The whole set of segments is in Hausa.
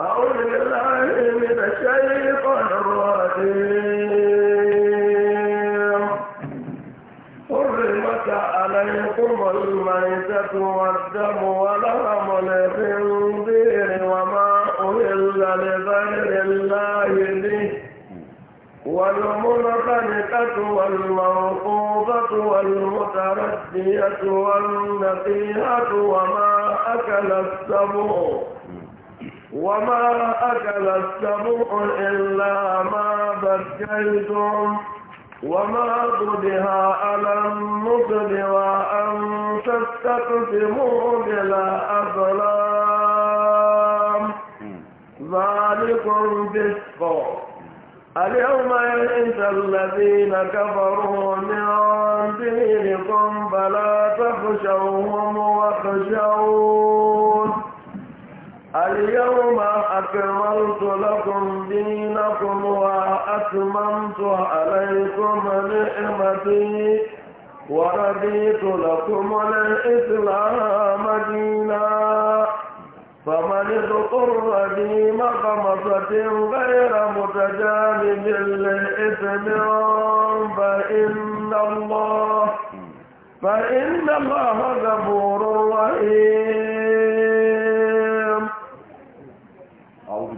أعوذ بالله من الشيطان الرجيم حرمت عليكم الميتة والدم ولهم الخنزير وما أهل لغير الله والمنخنقة والموقوفة والمتردية والنقيحة وما أكل السبوع وما أكل السبع إلا ما بكيتم وما قدها على النصر وأن تستقسموا بلا أظلام ذلكم فسق اليوم يئس الذين كفروا من دينكم فلا تخشوهم واخشوهم اليوم أكملت لكم دينكم وأتممت عليكم نعمتي ورديت لكم الإسلام دينا فمن اضطر في مخمصة غير متجانب لإثم فإن الله فإن الله غفور رحيم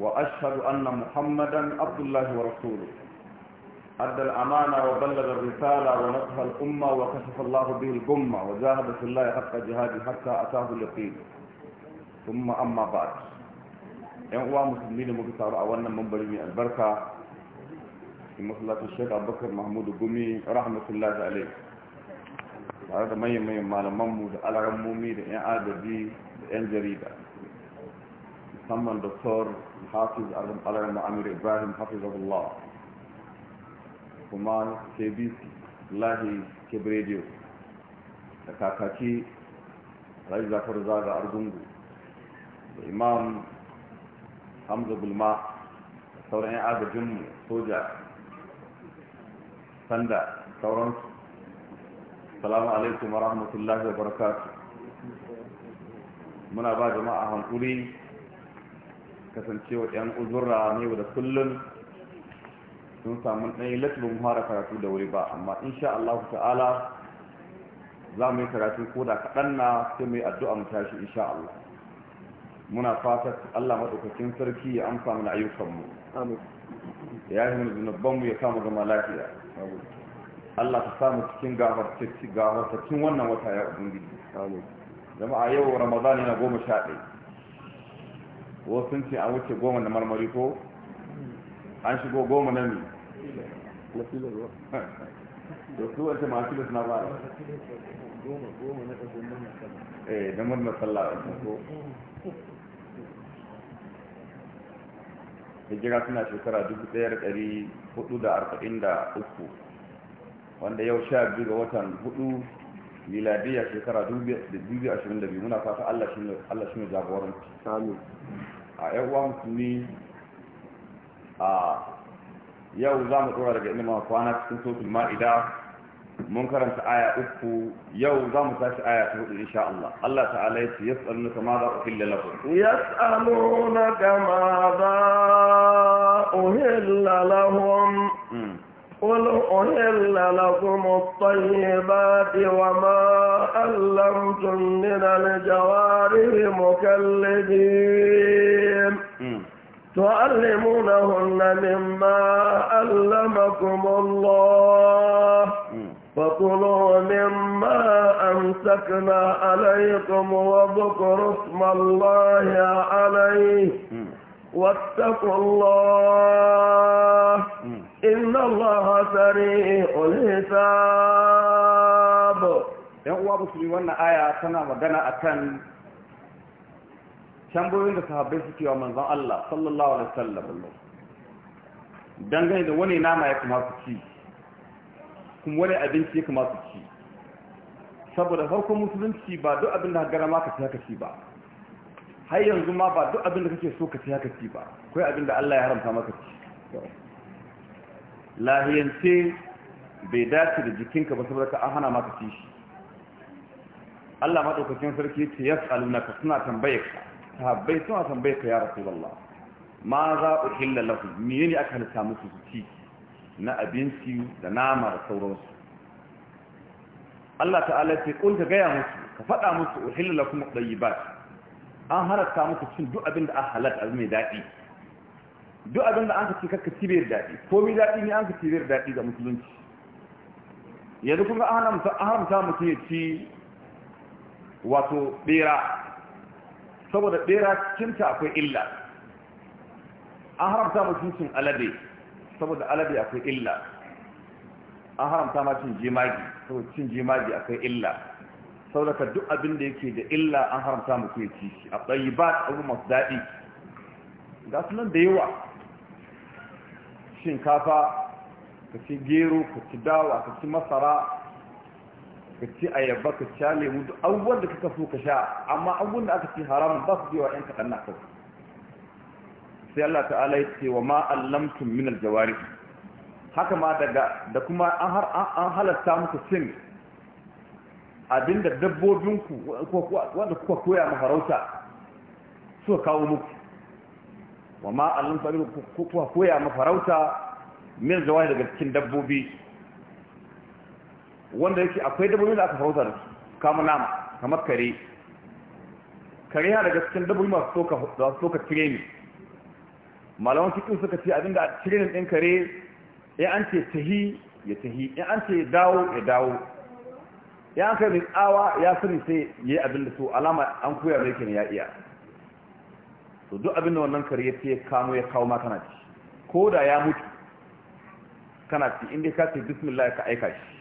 وأشهد أن محمدا عبد الله ورسوله أدى الأمانة وبلغ الرسالة ونصح الأمة وكشف الله به wa وجاهد في الله حق جهاده حتى أتاه اليقين ثم أما بعد ‘yan uwa musulmi da muka taru a wannan mambari mai albarka in masallacin shek abubakar mahmudu gumi rahmatullahi alaihi tare da manyan malaman mu da alarammomi da ‘yan adabi da ‘yan jarida musamman doktor hafiz alar ma'amir ibrahim hafizahullah kuma kbc lahi keb radio da kakaki rai zafar zaga argungu da imam hamza gulma da sauran yan soja sanda sauransu salamu alaikum wa rahmatullahi wa barakatu muna ba jama'a hankuri kasancewa yan uzurra ne da kullum sun samu ɗanyi latin fara karatu da wuri ba amma insha Allah ta'ala za mu yi karatu ko da kaɗan na sai mu yi addu'a mu tashi insha Allah muna fatar Allah maɗaukakin sarki ya amsa mana ayyukanmu ya yi mana zunubbanmu ya samu zama lafiya Allah ta samu cikin gafartattun wannan wata ya ubangiji jama'a yau ramadan na goma sha ɗaya wasu sun ce an wuce goma na marmari ko an shigo goma na ne da su wace masu da suna bara eh da murnar sallah a ko hijira suna shekara dubu ɗaya da ɗari hudu da arba'in da uku wanda yau sha biyu ga watan hudu miladiyya shekara dubu biyu ashirin da biyu muna fata allah shi ne jagoranci a yan uwa musulmi a yau za mu tsora daga ilimin kwana cikin sosul ma'ida mun karanta aya uku yau za mu tashi aya ta hudu insha Allah Allah ta'ala yace yas'alunaka ma za uhilla lakum yas'alunaka ma za uhilla lahum hmm. قل أهل لكم الطيبات وما ألمتم من الجوارح مكلدين تعلمونهن مما علمكم الله فكلوا مما أمسكنا عليكم واذكروا اسم الله عليه واتقوا الله إن الله سريع الحساب ‘yan uwa musulmi wannan aya tana magana a kan tambayoyin da sahabbai suke wa manzan Allah sallallahu alaihi wasallam dangane da wani nama ya kuma su ci kuma wani abinci ya kuma su ci saboda farkon musulunci ba duk abin da gara ma ka ci haka ci ba har yanzu ma ba duk abin da kake so ka ci haka ci ba kai abin da Allah ya haramta maka ci lahiyance bai dace da jikinka ba saboda ka an hana maka ci shi Allah madaukakin sarki ce yas'alunaka suna tambayarka sahabbai suna tambayarka ya rasulullah ma za ku hilla uhilla me menene aka halitta musu su ci na abinci da nama da sauransu Allah ta'ala ce kun ka gaya musu ka faɗa musu uhilla lakum tayyibat an halatta musu cin duk abin da aka halatta abin mai daɗi duk abin da an ka ce kakka cibiyar bai daɗi komi daɗi ne an ka cibiyar daɗi ga musulunci yanzu kuma an haramta mutum ya ci wato ɓera saboda ɓera cinta akwai illa an haramta mutum cin alade saboda alade akwai illa an haramta ma cin jimagi saboda cin jimagi akwai illa saboda duk abin da yake da illa an haramta mutum ya ci shi a ɗayi ba a masu daɗi ga sunan da yawa shinkafa ka ci gero ka ci dawa ka ci masara ka ci ayaba ka ci lemu duk abubuwan da kaka so ka sha amma abubuwan da aka ci haram ba su yawa yan kaɗan na kawai sai Allah ta'ala ya ce wa ma allamtum min aljawari haka ma daga da kuma an har an muku cin abinda dabbobinku wanda kuka koya maharauta suka kawo muku wa ma allon sabiru kuka koya mafarauta mil zawai daga cikin dabbobi wanda yake akwai dabbobi da aka farauta da kama nama kamar kare kare ha daga cikin dabbobi masu soka tireni malawan cikin suka ce abinda a ne ɗin kare ya an ce tahi ya tahi ya an ce dawo ya dawo ya an kai mai tsawa ya sani sai ya yi abin da so alama an koya mai kenan ya iya to duk abin da wannan kare ya kamo ya kawo ma kana ci ko da ya mutu kana ci inda ka ce bismillah ka aika shi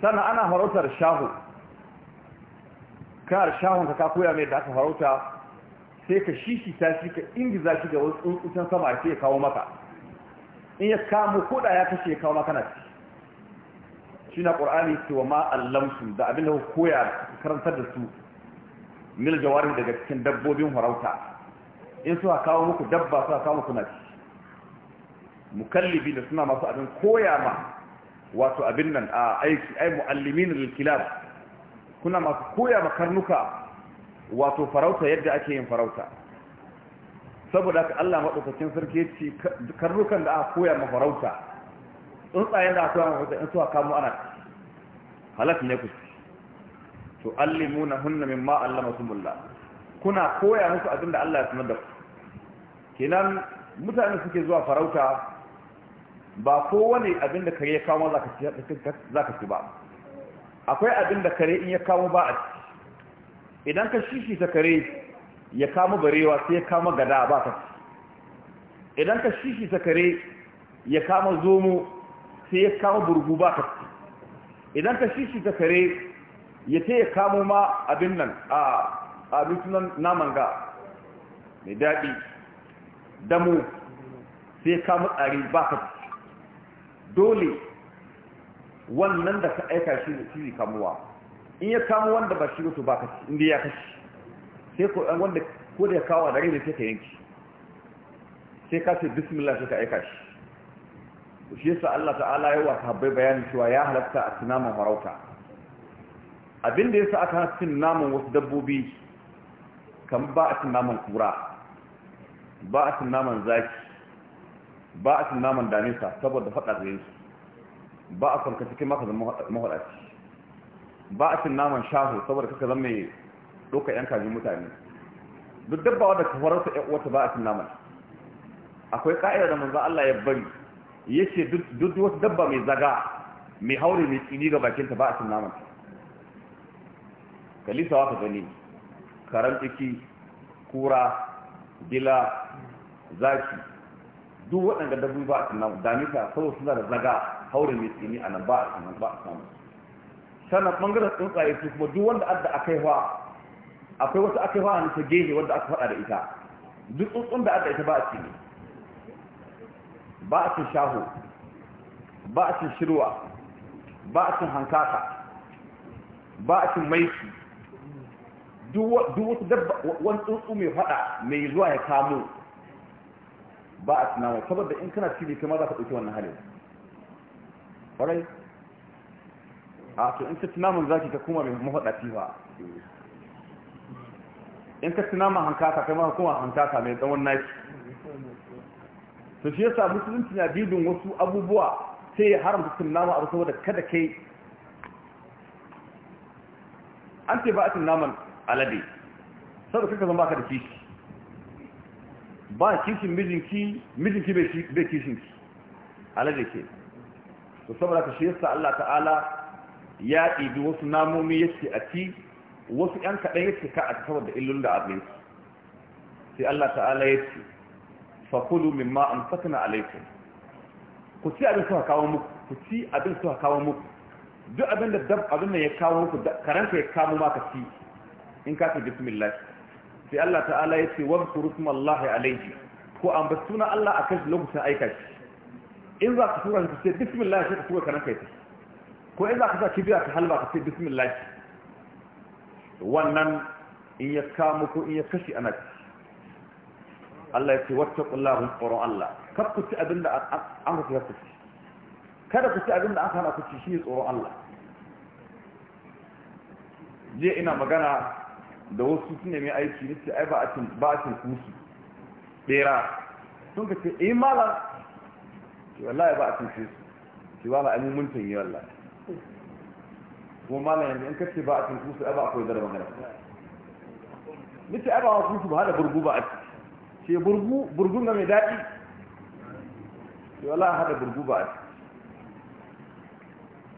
sannan ana harautar shahu kar shahun ka koya mai da aka harauta sai ka shishi ta shi ka ingiza shi ga wasu tsuntsucin sama sai ya kawo maka in ya kamo ko da ya kashe ya kawo maka na ci shi na ƙur'ani cewa ma allamsu da abin da koya karantar da su mil jawarin daga cikin dabbobin farauta, in suka kawo muku dabba suka kawo muku naci mukallibi da suna masu abin koya ma wato abin nan a aiki ai muallimin al-kilab kuna masu koya ma karnuka wato farauta yadda ake yin farauta saboda ka Allah madaukakin sarki ce karnukan da aka koya ma farauta tsuntsayen da aka koya ma farauta in suka mu ana halak ne ku To hunna mimma allamakumullah kuna koya musu abin da Allah ya sanar da ku kenan mutane suke zuwa farauta ba kowane abin da kare ya kawo za zaka ci ba akwai abin da kare in ya kawo ba a ci idan ka shishi ta kare ya kama barewa sai ya kama gada ba ka ci idan ka shishi ta kare ya kama zomo sai ya kama burgu ba ka ci idan ka shishi ta kare ya ce ya kamo ma abin nan a abincin naman ga mai daɗi damu sai ya kamo tsari, ba ka dole wannan da ka aika shi da shi kamuwa in ya kamo wanda ba shi wasu ba ka ci inda ya kashi sai ko ɗan wanda ko da ya kawo da rai da sai ka yanki sai ka ce bismillah sai ka aika shi shi yasa Allah ta'ala ya wa sahabbai bayanin cewa ya halatta a tunaman farauta abin da sa aka cin naman wasu dabbobi kan ba a cin naman kura ba a cin naman zaki ba a cin naman damisa saboda faɗa zai su ba a kwanka cikin maka zama mahaɗaci ba a cin naman shahu saboda kaka zama mai doka ‘yan kajin mutane duk dabba ka da ta wata ba a cin naman akwai ƙa'ida da manzan Allah ya bari ya ce duk wata dabba mai zaga mai haure mai tsini ga bakinta ba a cin namanta kalisa ka gani karan ciki kura bila zaki duk waɗanda dabbobi ba a tunan damisa saboda suna da zaga haure mai tsini a nan ba a nan ba a samu sannan ɓangaren tsuntsaye su kuma duk wanda adda aka yi akwai wasu aka yi a ta gehe wanda aka faɗa da ita duk tsuntsun da adda ita ba a tsini ba a cin shaho ba a cin shirwa ba a cin hankaka ba a cin maiki duk wasu dabba wani tsuntsu mai fada mai zuwa ya kamo ba a tunawa saboda in kana cibi kai ma za ka ɗauki wannan halin ƙwarai a to in ka za zaki ka kuma mai mafaɗa fifa in ka tunaman hankaka kai ma kuma hankaka mai tsawon naki to shi yasa musulunci na bidin wasu abubuwa sai ya haramta tunama abu saboda kada kai an ce ba a tunaman alade saboda kaka zama ka da kishi ba kishin mijinki mijinki bai kishinki alade ke to saboda ka shi Allah ta'ala ya ɗibi wasu namomi yake a ci wasu ‘yan kaɗan yake ka a da illun da abin sai Allah ta'ala ya ce fakulu min ma'an sakana alaikun ku ci abin suka kawo muku ku ci abin suka kawo muku duk abin da dab abin da ya kawo muku karanta ya kawo maka ci in ka ce bismillah sai Allah ta'ala ya ce wabtu rusmallahi alaihi. ko an bar suna Allah akan lokacin aika shi in za ka tura ka ce bismillah sai ka tura kanan kai ko in za ka sa kibiya ka halba ka ce bismillah wannan in ya kamo ko in ya kashi ana Allah ya ce wattaqullaha tsoron Allah kar ku ci abinda an ka ci kada ku ci abinda an hana ku ci shi tsoron Allah je ina magana da wasu sun nemi aiki nace ai ba a cin ba a tun kusu bera sun ka ce eh malam wallahi ba a cin kusu ki ba an mun tun yi wallahi kuma malam yanzu in kace ba a cin kusu ai ba akwai da magana nace ai ba kusu ba hada burgu ba a ci, ce burgu burgun ga mai daɗi wallahi hada burgu ba a ci.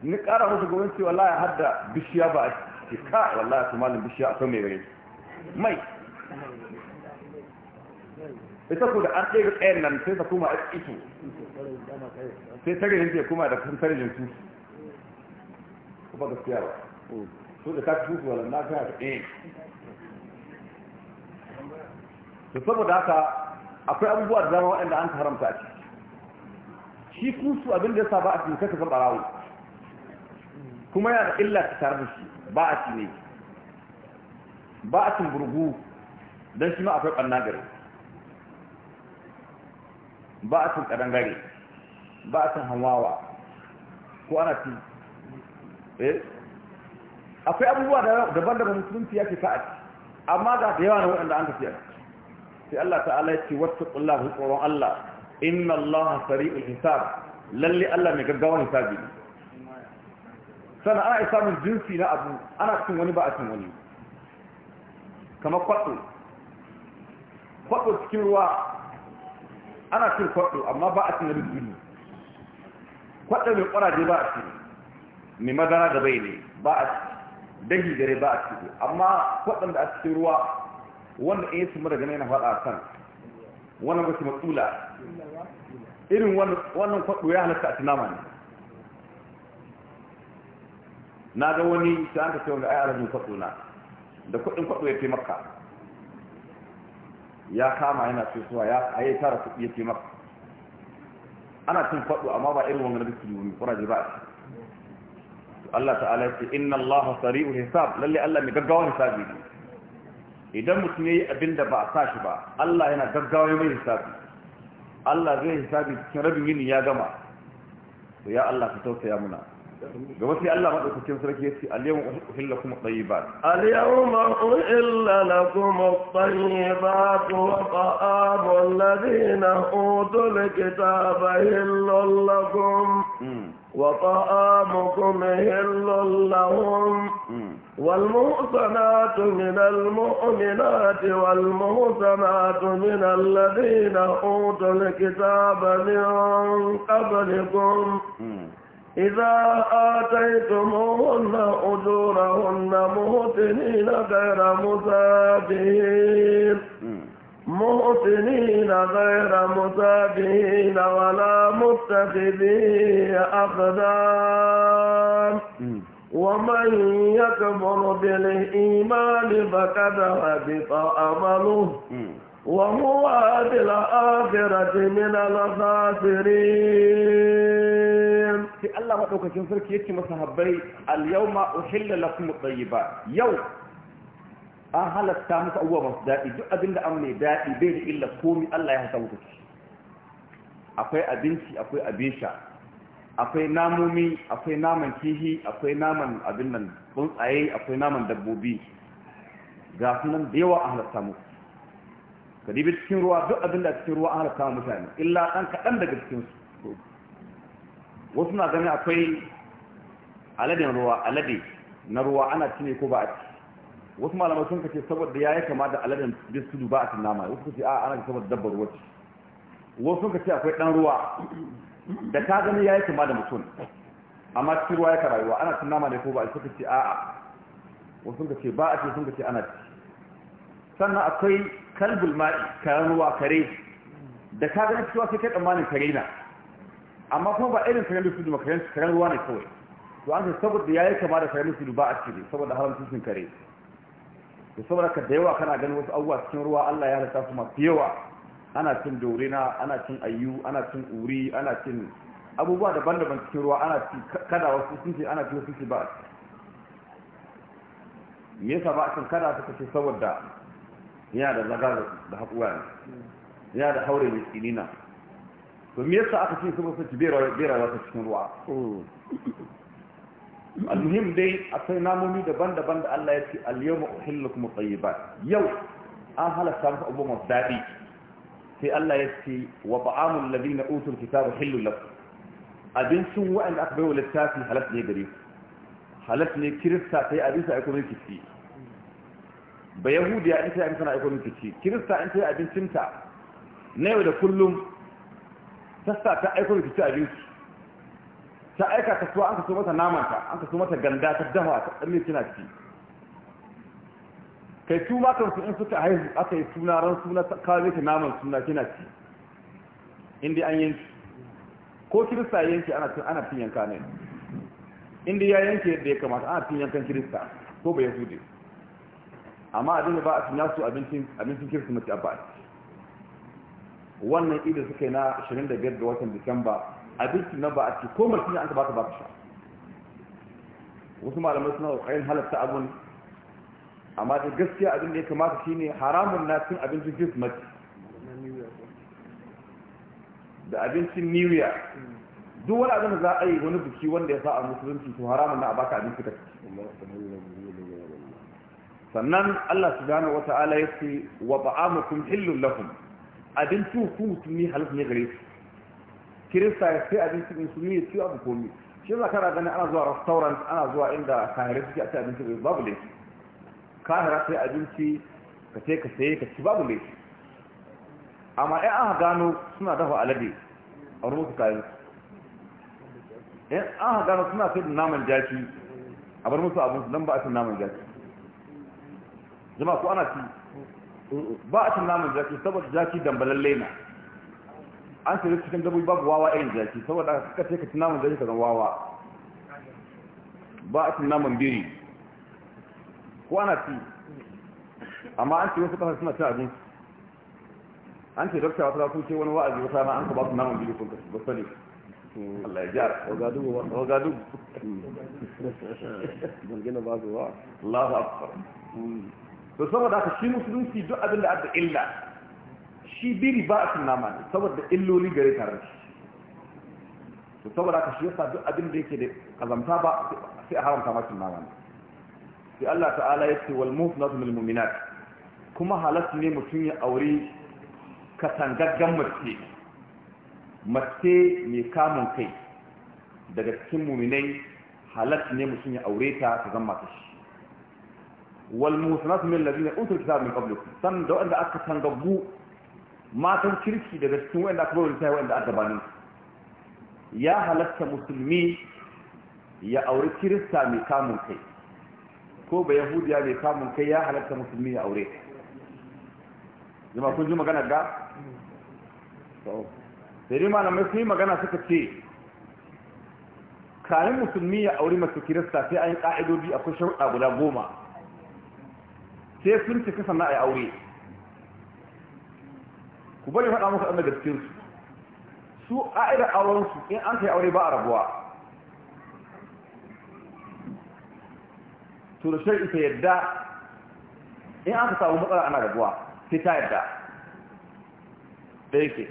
ni ƙara musu gwamnati wallahi hadda bishiya ba a ci. ce ka wallahi su malin bishiya a son mai rai mai ita ku da an ɗaya tsayen nan sai ta kuma a ito sai ta tarihin ke kuma da kan tarihin su kuma gaskiya ba su da ta fi su walan na kai ta ɗaya to saboda haka akwai abubuwa da dama waɗanda an haramta a ciki shi kusu abin da ya saba a cikin kasa ɓarawo kuma yana da illa ta tare da shi ba'ati ne ba'atin burgu don shi ma akwai ɓanna gare ba'atin ƙadangare ba'atin hamawa ko ana fi eh akwai abubuwa daban-daban musulunci ya ke ka'ad amma ga da yawa na waɗanda an tafiya sai Allah ta'ala ya ce wata ƙulla tsoron Allah inna Allah sari'ul hisab lalle Allah mai gaggawa hisabi ne sannan ana isa samun jinsi na abu ana cin wani ba a cin wani kamar kwaɗo kwaɗo cikin ruwa ana cin kwaɗo amma ba a cin wani jini kwaɗo mai ƙwaraje ba a cikin mai madara da bai ne ba a dangi gare ba a cikin amma kwaɗon da a cikin ruwa wanda in yi su mara gane na faɗa a kan wannan ba su matsula irin wannan kwaɗo ya halatta a tunama ne na ga wani sai an ka ce wanda ai arajin kwaɗo na da kuɗin kwaɗo ya taimaka ya kama yana ce suwa ya ayi tara kuɗi ya taimaka ana cin kwaɗo amma ba irin wani da suke yi kuraje ba a Allah ta'ala ya ce inna Allah sari'u hisab lalle Allah mai gaggawa hisabi ne idan mutum yayi abin da ba a sa shi ba Allah yana gaggawa mai hisabi Allah zai hisabi cikin rabin yini ya gama to ya Allah ka tausaya muna قمت الله ربك كيف ركيتي اليوم أحل لكم الطيبات اليوم أحل لكم الطيبات وطعام الذين أوتوا الكتاب هل لكم وطعامكم هل لهم والمحصنات من المؤمنات والمحصنات من الذين أوتوا الكتاب من قبلكم إذا آتيتموهن أجورهن مهتنين غير مسافهين مهتنين غير مسافهين ولا متخذي أقدام ومن يكفر بالإيمان فقد هبط عمله وهو بالآخرة من الخاسرين في الله ما دوكا كين سركي يتي مصحابي اليوم أحل لكم الطيبات يوم an halarta musu abubuwa masu daɗi duk abinda da an mai daɗi bai da illa komi Allah ya hasa muku akwai abinci akwai abin akwai namomi akwai naman kihi akwai naman abin nan tsuntsaye akwai naman dabbobi ga sunan da yawa a halatta muku ka dibi cikin ruwa duk abin da cikin ruwa an halatta wa mutane illa ɗan kaɗan daga cikin su wasu na gani akwai aladen ruwa alade na ruwa ana cine ko ba a ci wasu malamai sun kace saboda ya yi kama da aladen bis tudu ba a cin nama wasu kace a ana saboda dabbar ruwa ce wasu sun kace akwai ɗan ruwa da ka gani ya yi kama da mutum amma cikin ruwa ya ka rayuwa ana cin nama ne ko ba a suka ce a'a wasu sun kace ba a ci sun kace ana ci sannan akwai kalbul ma'i karen ruwa kare da ka gani cewa sai kai tsammanin kare na amma kuma ba irin karen lusudu makarin karen ruwa ne kawai to an ce saboda ya yi kama da karen lusudu ba a cire saboda haramcin sun kare da saboda ka da yawa kana ganin wasu abubuwa cikin ruwa Allah ya halitta su masu yawa ana cin dorina ana cin ayyu ana cin uri ana cin abubuwa daban-daban cikin ruwa ana ci kada wasu sun ce ana ci wasu sun ce ba a ci me yasa ba a cin kada suka ce saboda yana da zaga da haƙuwa ne yana da haure mai tsinina to me yasa aka ce saboda sace bai rayuwa ta cikin ruwa almuhim dai akwai namomi daban-daban da Allah ya ce al-yawma uhillu tayyibat yau an halatta muku abubuwan masu daɗi sai Allah ya ce wa ba'amul ladina utul kitaba lakum abincin wa'anda aka bai wa littafi halas ne gare ku ne kirista sai abin sa aiko ba yahudiya in ta yi tana aiko miki ci kirista in ta yi abincinta na yau da kullum tasta ta aiko miki ci abinci ta aika kasuwa an so mata namanta an so mata ganda ta dafa ta tsalle kina ci kai su ma kansu in suka haihu aka yi suna ran suna ta kawo miki naman suna kina ci inda an yanki ko kirista yanki ana cin ana cin yanka ne inda ya yanke yadda ya kamata ana cin yankan kirista ko ba yahudiya amma abin da ba a tuna su abincin kirsimeti a ba wannan idan suka yi na 25 ga watan disamba abincin nan ba a ci ko martini an ka ba ka sha wasu malamai suna kokarin halatta abun amma da gaskiya abin da ya kamata shine haramun na cin abincin kirsimeti da abincin new year duk wani abin da za a yi wani biki wanda ya sa a musulunci to haramun na a baka abinci ka ci sannan Allah subhanahu ta'ala ya ce wa ta'amukum hillul lakum abincin ku musulmi halittu ne gare su kirista ya ce abincin su ne ci abu komi shi za kana gani ana zuwa restaurant ana zuwa inda kahirar suke a ci abinci bai babu laifi kahira sai abinci ka sai ka saye ka ci babu laifi amma ɗan aka gano suna dafa alade a rubutu kayan su ɗan aka gano suna sai da naman jaki a bar musu abinsu don ba a cin naman jaki zama ko ana ci ba a cin namun jaki saboda jaki dambalalle na an sai cikin dabbobi babu wawa irin jaki saboda ka ce ka cin namun jaki ka zama wawa ba a cin namun biri ko ana ci amma an ce wasu kasar suna cin abinci an ce dokta wata sun ce wani wa'azi wata ma an ka ba su namun biri kun kasu ba sani Allah ya gyara wagadugu wagadugu ban gina ba su wa Allahu akbar mm. to saboda haka shi musulunci duk abin da adda illa shi biri ba a cin nama ne saboda illoli gare tare shi to saboda haka shi yasa duk abin da yake da kazanta ba sai a haramta ma cin nama ne sai Allah ta'ala ya ce wal mufnatu lil mu'minat kuma halatu ne mutum ya aure katangaggan mace mace mai kamun kai daga cikin muminai halatu ne mutum ya aure ta ta zama ta shi wal musanat min alladhina utul kitaba min qablikum san da wanda aka tangabbu matan kirki daga cikin wanda aka bayyana sai wanda aka bani ya halatta musulmi ya aure kirista mai kamun kai ko ba yahudiya mai kamun kai ya halatta musulmi ya aure jama'a kun ji magana ga sai malamai sun magana suka ce kayan musulmi ya auri mace kirista sai an yi ƙa'idodi akwai sharuɗa guda goma sai sun cika sannan a yi aure ku bari faɗa musu ɗan gaskiyarsu su a ida aurensu in an kai aure ba a rabuwa to da shari'i ta yadda in an aka samu matsala ana rabuwa sai ta yadda da yake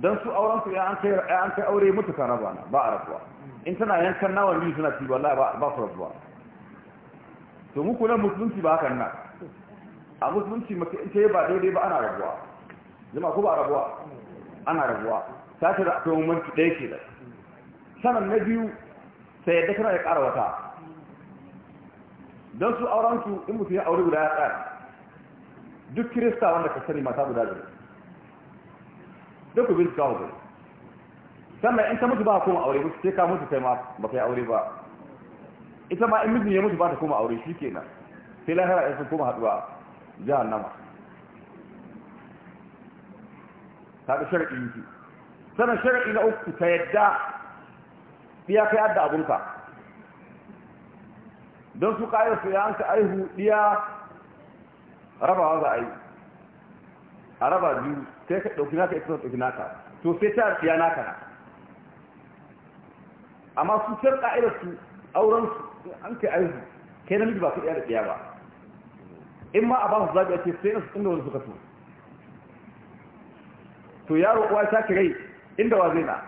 don su aurensu in an kai aure mutu kan rabuwa ba a rabuwa in tana yankan nawa biyu suna ci wallahi ba su rabuwa to muku nan musulunci ba hakan nan a musulunci mace in ta yi ba daidai ba ana rabuwa zama ko ba rabuwa ana rabuwa ta ce da akwai mumanci ɗaya ke da sanan na biyu sai yadda tana ya ƙara wata don su auren su in mutum ya aure guda ya tsaya duk kirista wanda ka sani mata guda biyu duk ku bincika hudu sannan in ta mutu ba kuma aure mutu sai ka mutu kai ma ba kai aure ba ita ma in mijin ya mutu ba ta koma aure shi kenan sai lahira ya sun koma haduwa jahannama ta da shari'i yake sanan shari'i na uku ta yadda ya kai adda abunka don su kayar su ya hanka aihu iya rabawa za a yi a raba biyu sai ka ɗauki naka ita ɗauki naka to sai ta tsiya naka na amma su can ƙa'idar su auren su an kai aihu kai namiji ba ka iya da ɗaya ba in ma a ba su zaɓi a ce sai na su inda wani suka so to yaro uwa ta kirai inda wa zai na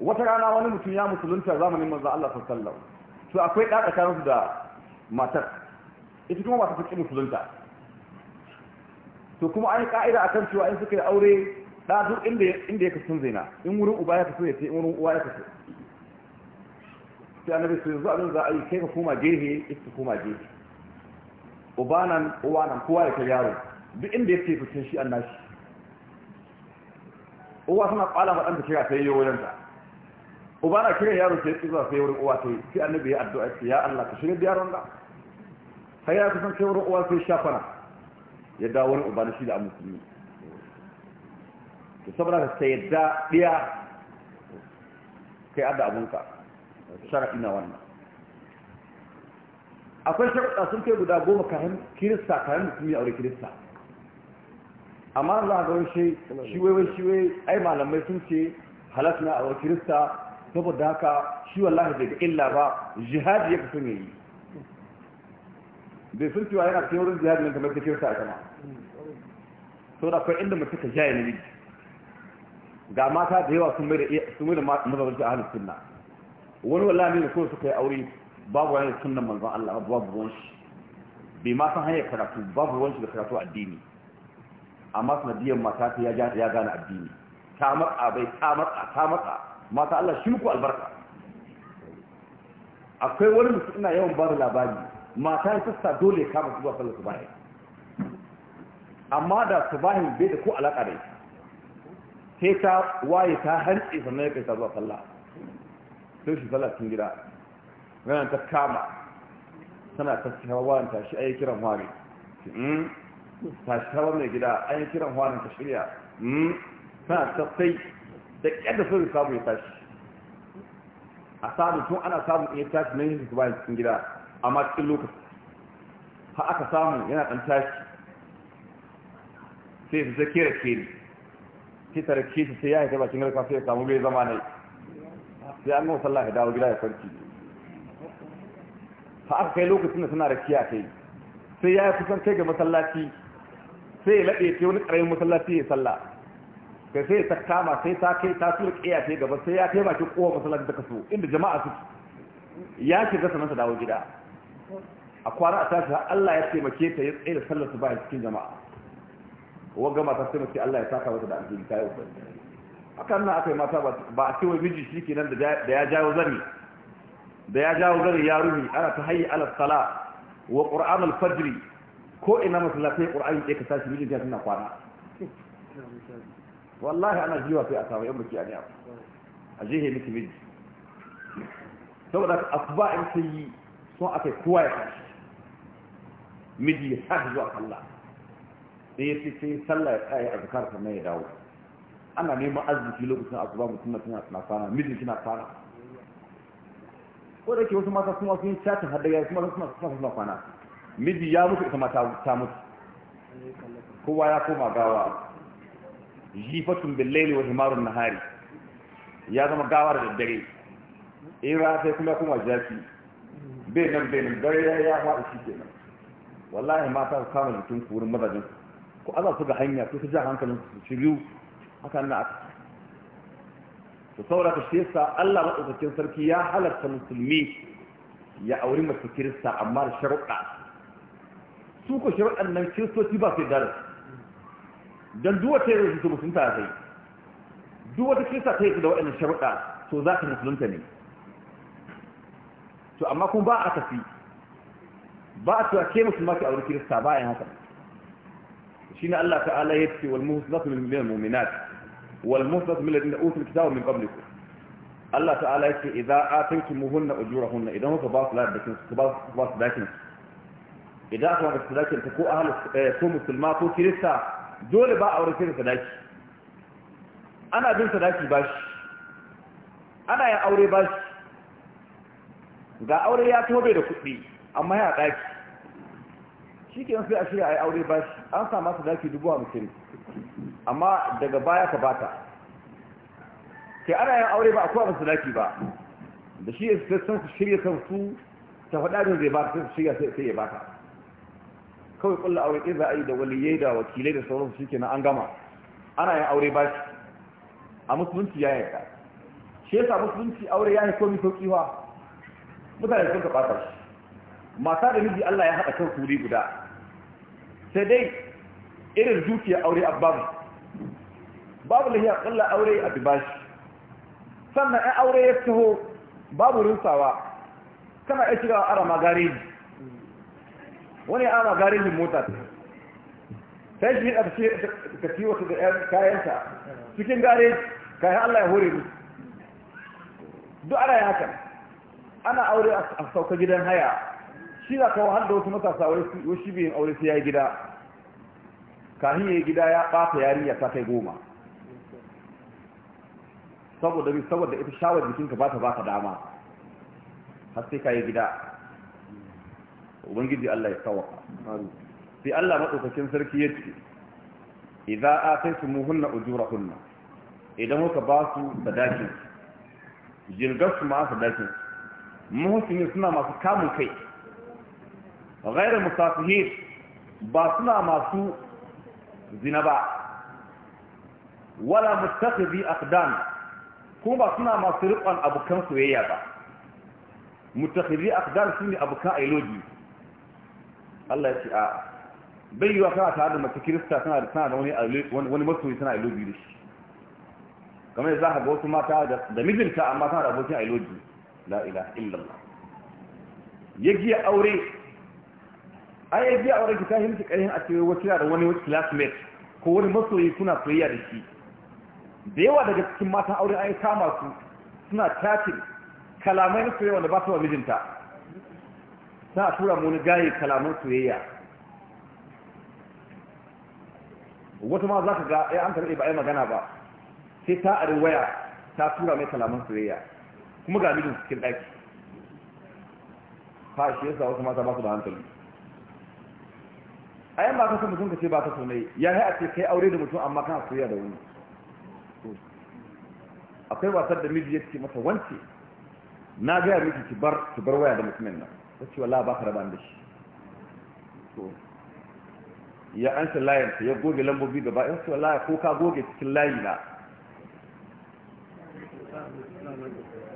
wata rana wani mutum ya musulunta zamanin manzo Allah sallallahu to akwai ɗa tsakaninsu da matar ita kuma matar ta ƙi musulunta to kuma an yi ƙa'ida a kan cewa in suka yi aure ɗa duk inda ya kasu zina in wurin uba ya kasu ya ce in wurin uwa ya kasu sai annabi su zuwa abin za a yi kai ka koma gehe ita koma gehe uba nan uwa nan kowa ya ta yaro duk inda ya ce fitin shi shi uwa suna kwala ba ɗanta kira sai yi wajen ta uba na kira yaro sai zuwa sai wurin uwa sai sai annabi ya addu'a ce ya Allah ka shirya biyar yaron da ya kusan kai wurin uwa sai shafana ya dawo wani uba na shi da musulmi to saboda ka sai da ɗiya kai adda abunka sharaɗi na wannan akwai sharaɗa sun kai guda goma kayan kirista kayan mutum ya aure kirista amma za a gawar shi shiwaiwai shiwai ai malamai sun ce halatta na aure kirista saboda haka shi wallahi bai ga illa ba jihadi ya ne yi bai sun wa yana cikin wurin jihadi nan kamar ta kirista a sama saboda akwai inda mutum ka jaye ne ga mata da yawa sun mai da a ahalus sunna wani wallahi da kuma suka yi aure babu wani sunan manzon Allah babu wani bai ma san hanyar karatu babu wani da karatu addini amma sanadiyar mata ta ya gane addini ta matsa bai ta matsa ta matsa mata Allah shi muku albarka akwai wani musu ina yawan ba da labari mata ya sassa dole kama su ba sallar subahi amma da subahin bai da ko alaka da ita sai ta waye ta hantsi sannan ya kai ta zuwa sallah sai shi sallah gida ranar ta kama tana ta ci hawa waranta a yi kiran hwari hmm? ta shi mai gida a yi kiran hwarin ta shirya hmm? tana ta sai da ƙyar sun samu ya tashi a samu tun ana samun iya tashi na yin su bayan cikin gida amma cikin lokaci ha aka samu yana ɗan tashi sai su zake rake ne sai ta ke shi sai ya haita bakin garka sai ya samu bai zama na yi sai an gama sallah ya dawo gida ya farki fa aka kai lokacin da suna rakiya kai sai ya kusan kai ga masallaci sai ya laɗe ce wani ƙaramin masallaci ya sallah kai sai ta kama sai ta kai ta tura ƙiya kai gaba sai ya kai baki kowa masallaci ta kaso inda jama'a su ya shiga sanar ta dawo gida a kwana a tashi Allah ya taimake ta ya tsaye da sallar su ba cikin jama'a wanga mata sai mace Allah ya saka mata da aljihi ta yi ubangiji haka nan aka yi mata ba a kewa miji shi kenan da ya jawo zari da ya jawo zari ya rumi ana ta hayi ala sala wa qur'an alfajiri ko ina masallatai qur'ani ke ka tashi mijin ta tana kwana wallahi ana jiwa sai a samu yan baki a ne a jihe miki miji saboda asuba in sun yi sun aka kowa ya tashi miji ya tashi zuwa sallah sai ya fi sai sallah ya tsaya a zakar sannan ya dawo ana neman arziki lokacin asuba mutum na suna suna kwana mijin kina sana ko da ke wasu mata kuma sun chatin har daga kuma suna suna suna kwana miji ya mutu ita mata ta mutu kowa ya koma gawa jifatun billaili wa himarun nahari ya zama gawa da daddare in ra sai kuma kuma jafi bai nan bai nan dare ya ya faɗi shi kenan wallahi mata su kama jikin kurin wurin mazajen ku aza su ga hanya su ja hankalin su su shiru hakan na aka to saboda ka shi yasa Allah madaukakin sarki ya halarta musulmi ya auri mace kirista amma da sharuɗa su ko sharuɗan nan kiristoci ba sai dare dan duwa ta yi su musulunta sai duwa ta kirista ta yi da waɗannan sharuɗa to za ka musulunta ne to amma kuma ba a tafi ba a tuwa ke musulma ki auri kirista bayan haka shine Allah ta'ala ya ce wal muhsinatu min al-mu'minat wal muhsas min ladina utul kitaba min qablikum Allah ta'ala yake idza ataytumuhunna ujurahunna idan ku ba su ladakin su su ba su dakin idan ku ba su ta ko eh, musulma ko kirista dole ba aure sai sadaki ana bin sadaki ba ana yin aure ba ga aure ya tobe da kuɗi amma ya sai a shirya a yi aure an sa amma daga baya ka bata ke ana yin aure ba a kuwa masu laki ba da shi ya san su shirya san su ta faɗa min zai ba ta su shirya sai ya bata kawai kulla aure ɗin za a yi da waliyai da wakilai da sauran su shi na an gama ana yin aure ba shi a musulunci ya yanka shi yasa musulunci aure ya yi komi sauƙi wa mutane sun taɓa shi mata da miji Allah ya haɗa kan kuri guda sai dai irin dukiya aure ababu babu a ƙalla aure a bibashi sannan ɗan aure ya taho babu rinsawa kana ya shiga ara magareji wani ara magarejin mota ta yi shi a ka wasu da kayansa cikin ka kayan Allah ya hore duk ana yi haka ana aure a sauka gidan haya shi za ka wahal da wasu matasa wasu shi biyan aure sai ya yi gida kahin ya yi gida ya ɓata ya ta kai goma saboda bi saboda ita shawar jikinka ba ta baka dama har sai kayi gida ubangiji Allah ya sawaka sai Allah madaukakin sarki ya yace idza ataytumuhunna ujurahunna idan muka ba su sadakin jirgar ma sadakin muhsinin suna masu kamun kai ghairu musafihin ba suna masu zina ba wala mustaqibi aqdam kuma ba suna masu riƙon abokan soyayya ba mutakhiri akdar su ne abokan ailogi Allah ya ce a bai yiwa kana tare da mace kirista tana da tana da wani wani masoyi tana ailogi da shi kamar za ka ga wasu mata da mijinta amma tana da abokin ailogi la ilaha illallah ya aure ai yaji aure ki ta himci ƙarfin a cewa wani da wani classmate ko wani masoyi kuna soyayya da shi da yawa daga cikin matan aure an kama su suna tatin kalamai na soyayya wanda ba su wa mijinta suna tura mu gaye kalaman soyayya wata ma za ka ga ya eh, an karɓe ba ya magana ba sai ta a waya ta tura mai kalaman soyayya kuma ga mijin cikin ɗaki ha shi yasa wasu mata ba su da hankali a yan ba ka so mutum ka ce ba ka so ya yi a ce kai aure da mutum amma kana soyayya da wani akwai wasar da miji ya ce masa wance na gaya miki ki bar ki bar waya da mutumin nan ta ce wallahi ba ka raba da shi to ya ansa layin ta ya goge lambobi ba? ya ce wallahi ko ka goge cikin layi na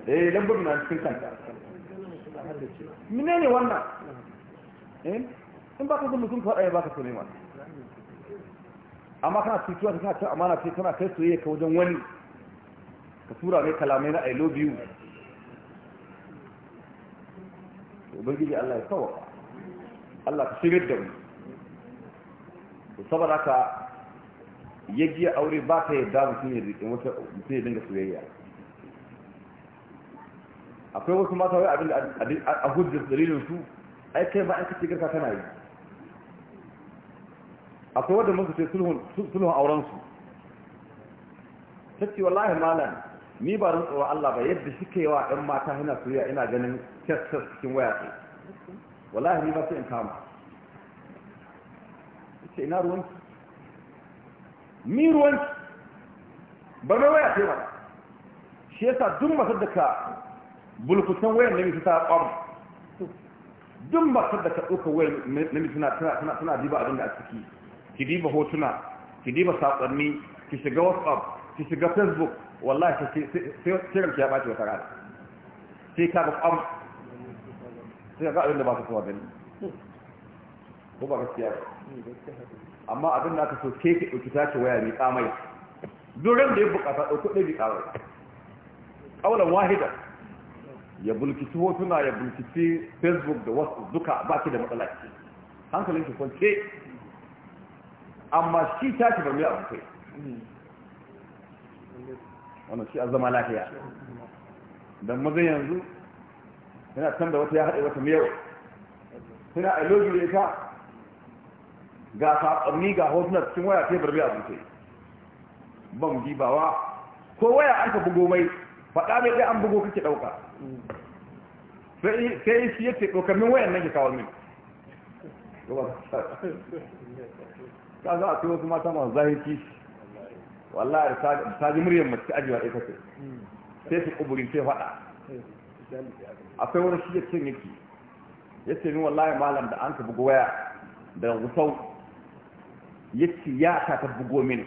eh lambobi na cikin kanta menene wannan eh in ba ka gumi mutum ka ya ba ka so ne amma kana cikin wata kana amana ce kana kai soyayya ka wajen wani ka tura mai kalamai na i love you ubangiji Allah ya kawo Allah ka shigar da mu saboda ka yaji aure ba ta yadda mutum ya rikin wata mutum ya dinga soyayya akwai wasu mata wai abin da a hujjar dalilin su ai kai ba an kace girka tana yi akwai wanda masu ce sulhun auren su ce wallahi malam ni ba rantsuwa Allah ba yadda suke wa ɗan mata hina suya ina ganin kyaskyas cikin waya ce wallahi ni ba su in kama ce ina ruwan ni ruwan ba mai waya ce ba shi yasa duk masar da ka bulkutan wayan namiji ta ƙwam duk masar da ka ɗauka wayan namiji suna diba abin da a ciki ki diba hotuna ki diba saƙonni ki shiga whatsapp ki shiga facebook wallahi sai ranka ya ɓaci wata rana sai ka ga ƙwam sai ga abin da ba su kuma gani ko ba gaskiya ba amma abin da aka so ke ke ɗauki tace waya mai tsamai duran da ya bukata ɗauki ɗabi tsamai ƙaunar wahida ya bulkici hotuna ya bulkici facebook da wasu duka ba ki da matsala ce hankalin ki kwance amma shi tashi ba mai abu kai wanda shi a zama lafiya don maza yanzu yana can da wata ya haɗe wata miyau suna a lobi da ita ga saƙonni ga hotunan cikin waya tebur a abuce ban gibawa ko waya an ka bugo mai faɗa mai ɗaya an bugo kake ɗauka sai shi ya ce ɗaukamin wayan nan ke kawo min ka za a ce wasu mata masu zahirci wallahi ta ji muryar mace ajiwa ita ce sai su kuburin sai faɗa akwai wani shi ya ce miki ya ce min wallahi malam da an ta bugu waya da gusau ya ce ya ta ta bugo min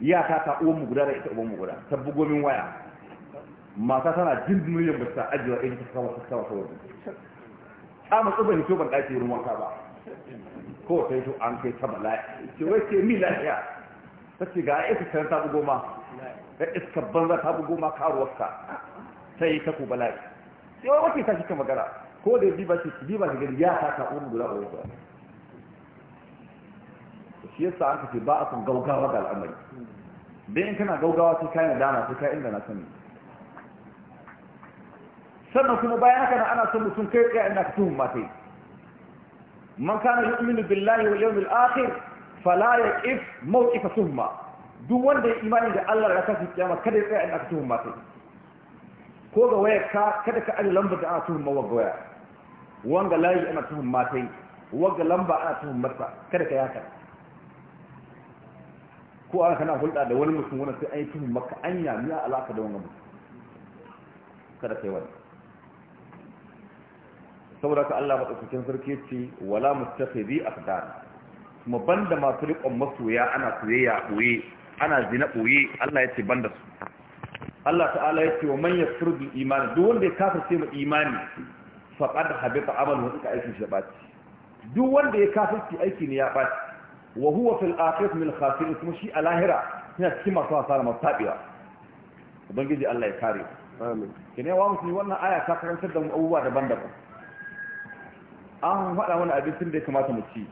ya ta ta uwan mu guda da ita uwan mu guda ta bugo min waya mata tana jin muryar mace ta ajiwa ita ta kawo ta kawo ta wani ta matsu ban hito ban ɗaki ruwan ka ba ko sai to an kai ta bala'i ce wai ce mi lafiya ta ce ga aiki can ta bugo ma da iskar banza ta bugo ma karuwarka ta yi taku bala'i yawan wace ta shi ka magana ko da biba ce biba ta gari ya ta ka umu guda ɓoye ba shi yasa an kace ba a kan gaugawa da al'amari dan in kana gaugawa sai kai dana sai kai inda na sani sannan kuma bayan haka na ana son mutum kai tsaye inda ka tuhumma kai man kana yu'minu billahi wal yawmil akhir fala ya ƙif mawuƙifa tuhuma duk wanda ya imani da Allah da kasu kiyama kada ya tsaya in aka tuhuma sai ko ga waya ka kada ka aje lambar da ana tuhuma wanga waya wanga layi ana tuhuma sai wanga lamba ana tuhuma sa kada ka yaka ko an kana hulɗa da wani mutum wani sai an yi tuhuma ka ya miya alaka da wanga mutum kada ka yi wani saboda ka Allah maɗaukakin sarki ce wala mustafi bi akdar kuma banda masu rikon masoya ana soyayya ɓoye ana zina ɓoye Allah ya ce banda su Allah ta'ala ya ce wa man yakfur imani. duk wanda ya kafa sai mu imani faqad habita amalu suka aikin shi bati. duk wanda ya kafa kafirce aiki ne ya bati. wa huwa fil akhirati min khasirin kuma shi a lahira yana cikin masu hasara masu tabiwa ubangiji Allah ya kare amin kine wa musulmi wannan aya ta karantar da mu abubuwa daban-daban an faɗa wani abincin da ya kamata mu ci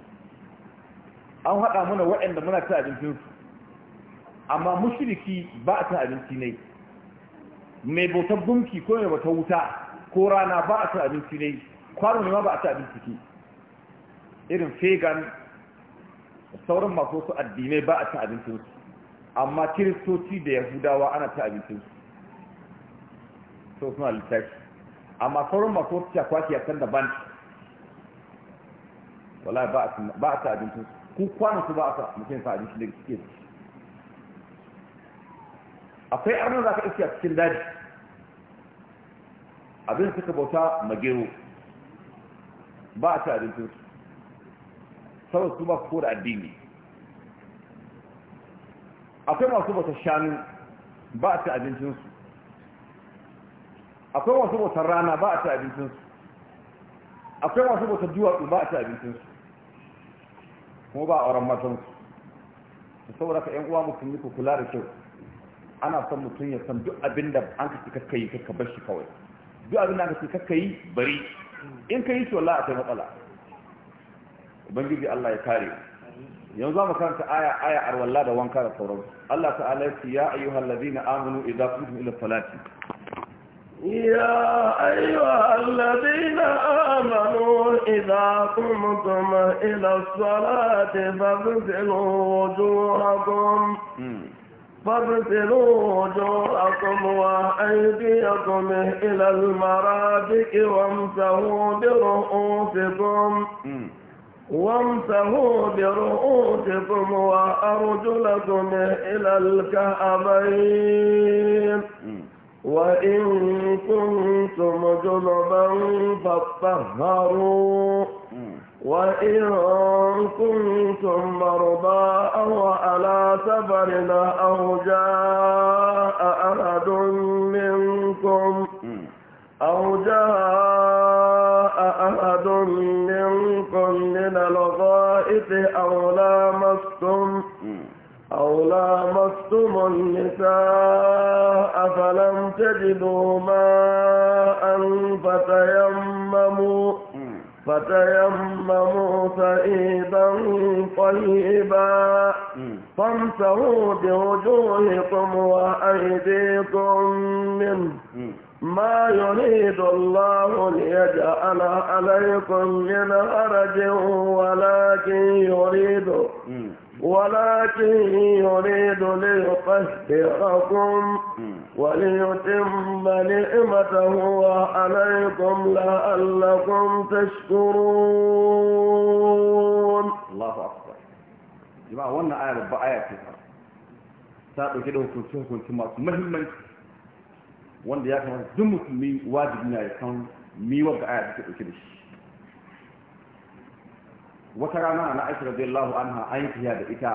an haɗa muna waɗanda muna ta abincinsu amma mushiriki ba a ta abinci ne mai bautar gumki ko mai bautar wuta ko rana ba a ta abinci ne kwano ne ma ba a ta abinci ke irin fegan da sauran masu wasu addinai ba a ta abincinsu amma kiristoci da yahudawa ana ta abincinsu so suna littafi amma sauran masu wasu cakwaki a can daban wala ba a ta abincinsu ku kwana su ba a sa mutum sa abinci daga cikin akwai arna za ka iske a cikin daji abin suka bauta magero ba a ci su, saboda su ba su da addini akwai masu bautar shanu ba a ci su. akwai masu bautar rana ba a ci su. akwai masu bautar duwatsu ba a ci su. kuma ba auren matansu. su saboda ka yan uwa mutum yi kula da kyau ana son mutum ya san duk abin da an ka ci kakka yi kakka bar shi kawai duk abin da an ka ci kakka yi bari in ka yi shi a kai matsala ubangiji Allah ya kare yanzu za mu karanta aya aya arwalla da wanka da sauransu Allah ta'ala ya ce ya ayyuhal ladina amanu idza qumtum ila salati يا أيها الذين آمنوا إذا قمتم إلى الصلاة فابتلوا وجوهكم فابتلوا وجوهكم وأيديكم إلى المرافق وامسحوا برؤوسكم وامسحوا برؤوسكم وأرجلكم إلى الكعبين وإن كنتم جنبا فاتهروا وإن كنتم مرضى أو على سفر أو جاء أحد منكم أو جاء أحد منكم من الغائط أو لامستم أو لامستم النساء فلم تجدوا ماء فتيمموا فتيمموا سعيدا طيبا فامسحوا بوجوهكم وأيديكم منه ما يريد الله ليجعل عليكم من حرج ولكن يريد ولكن يريد ليقهركم وليتم نعمته عليكم لعلكم تشكرون الله أكبر جماعة وانا آية رب آية كثيرة ساعدوا كده وكنتم كنتم مهما وانا يا كمان دم مسلمين واجبنا يكون ميوقع آية كده wata rana na aisha radiyallahu anha an yi tafiya da ita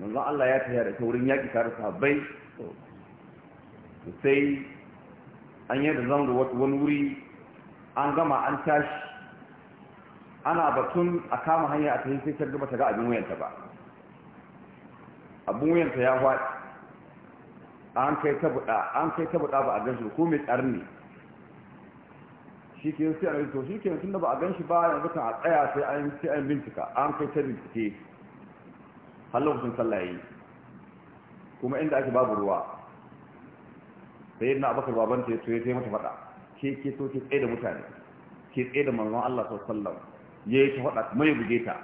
manzon Allah ya tafiya da ita wurin yaƙi tare da sahabbai sai an yi da zango wani wuri an gama an tashi ana batun a kama hanya a tafi sai ta gaba ta ga abin wuyanta ba abin wuyanta ya faɗi an kai ta buɗa an kai ta buɗa ba a ganshi ko mai tsarni shi ke sai a yi to shi ke tun da ba a gan shi ba yanzu kan a tsaya sai an sai an bincika an kai ta bincike har lokacin sallah yi kuma inda ake babu ruwa sai na abakar baban ta to ya ta mata faɗa ke ke to ke tsaye da mutane ke tsaye da manzon Allah sallallahu alaihi wasallam ya ta faɗa kuma ya buge ta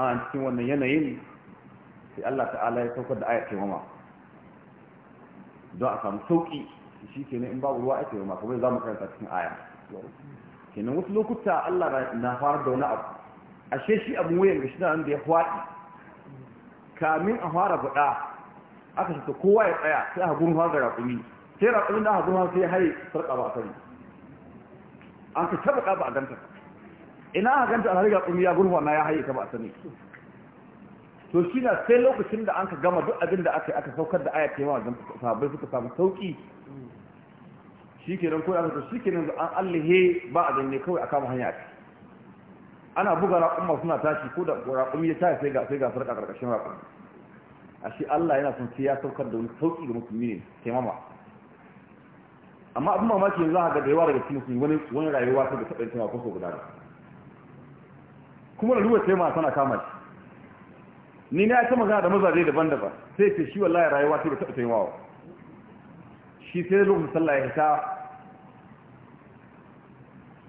a cikin wannan yanayin sai Allah ta'ala ya saukar da ayatul mama don a samu sauki shi ne in babu ruwa ake ma kamar za mu karanta cikin aya kenan wasu lokuta Allah na fara da wani abu ashe shi abin wuyan ga shi na da ya faɗi kamin a fara faɗa aka shi kowa ya tsaya sai a gurin fara da raƙumi sai raƙumin da aka gurin sai haye sarƙa ba a sani an ka taba ƙaba a ganta ina aka ganta a harga raƙumi ya gurin na ya haye ta ba a sani to shi na sai lokacin da an ka gama duk abin da aka aka saukar da aya ta zan don sahabbai suka samu sauƙi shi kenan ko aka to shi kenan an allihe ba a zanne kawai a kama hanya ce ana buga raƙumar suna tashi ko da raƙumi ya tashi sai ga sarƙa ƙarƙashin raƙumi ashe Allah yana son sai ya saukar da wani sauƙi ga musulmi ne taimama amma abin mamaki yanzu za a ga da yawa daga cikin musulmi wani wani rayuwa ta da taɓa yin ko so guda da. kuma ruwa ma sana kama shi ni na ta magana da mazaje daban-daban sai ce shi wallahi rayuwa ta da taɓa taimama shi sai lokacin sallah ya hita